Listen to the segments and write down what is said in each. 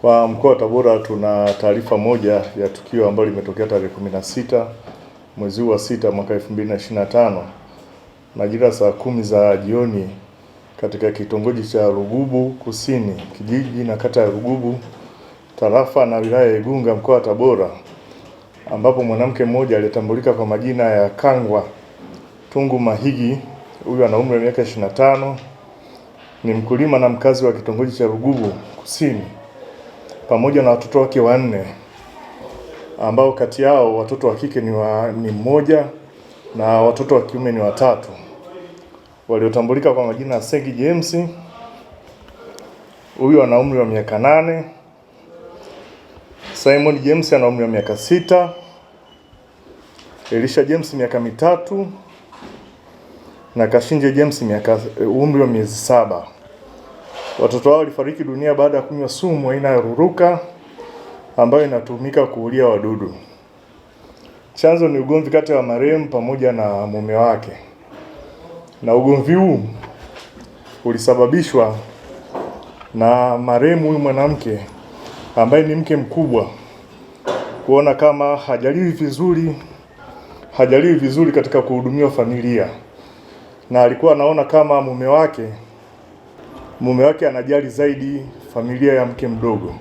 Kwa mkoa wa Tabora tuna taarifa moja ya tukio ambalo limetokea tarehe 16 mwezi wa sita mwaka 2025 majira saa kumi za jioni katika kitongoji cha Rugubu Kusini, kijiji na kata ya Rugubu, tarafa na wilaya ya Igunga, mkoa wa Tabora, ambapo mwanamke mmoja aliyetambulika kwa majina ya Kangwa Tungu Mahigi, huyu ana umri wa miaka 25, ni mkulima na mkazi wa kitongoji cha Rugubu Kusini pamoja na watoto wake wanne ambao kati yao watoto wa kike ni, wa, ni mmoja na watoto wa kiume ni watatu waliotambulika kwa majina ya Sengi James. Huyu ana umri wa miaka nane. Simon James ana umri wa miaka sita. Elisha James miaka mitatu na Kashinje James miaka umri wa miezi saba. Watoto hao walifariki dunia baada ya kunywa sumu aina ya ruruka ambayo inatumika kuulia wadudu. Chanzo ni ugomvi kati ya marehemu pamoja na mume wake, na ugomvi huu ulisababishwa na marehemu huyu mwanamke ambaye ni mke mkubwa kuona kama hajaliwi vizuri, hajaliwi vizuri katika kuhudumia familia, na alikuwa anaona kama mume wake mume wake anajali zaidi familia ya mke mdogo,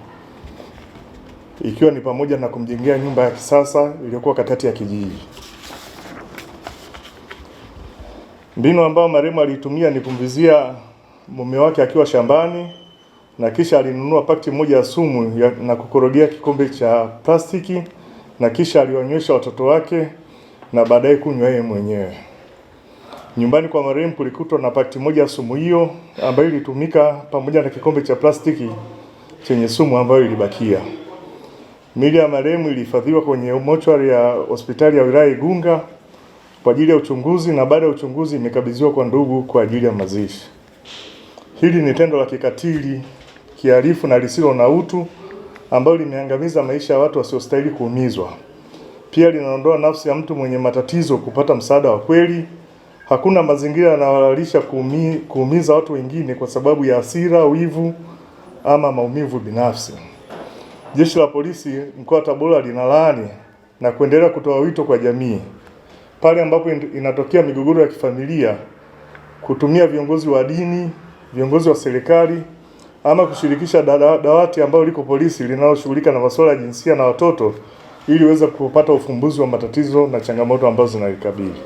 ikiwa ni pamoja na kumjengea nyumba ya kisasa iliyokuwa katikati ya kijiji. Mbinu ambayo marehemu aliitumia ni kumvizia mume wake akiwa shambani na kisha alinunua pakiti moja ya sumu ya, na kukorogea kikombe cha plastiki na kisha aliwanywesha watoto wake na baadaye kunywa yeye mwenyewe. Nyumbani kwa marehemu kulikutwa na pakiti moja ya sumu hiyo ambayo ilitumika pamoja na kikombe cha plastiki chenye sumu ambayo ilibakia. Mili ya marehemu ilihifadhiwa kwenye mochwari ya hospitali ya wilaya Igunga kwa ajili ya uchunguzi na baada ya uchunguzi imekabidhiwa kwa ndugu kwa ajili ya mazishi. Hili ni tendo la kikatili, kihalifu na lisilo na utu ambalo limeangamiza maisha ya watu wasiostahili kuumizwa. Pia linaondoa nafsi ya mtu mwenye matatizo kupata msaada wa kweli. Hakuna mazingira yanayohalalisha kuumi, kuumiza watu wengine kwa sababu ya hasira, wivu ama maumivu binafsi. Jeshi la Polisi mkoa wa Tabora linalaani na kuendelea kutoa wito kwa jamii pale ambapo inatokea migogoro ya kifamilia kutumia viongozi wa dini, viongozi wa serikali ama kushirikisha dawati ambayo liko polisi linaloshughulika na masuala ya jinsia na watoto ili uweze kupata ufumbuzi wa matatizo na changamoto ambazo zinaikabili.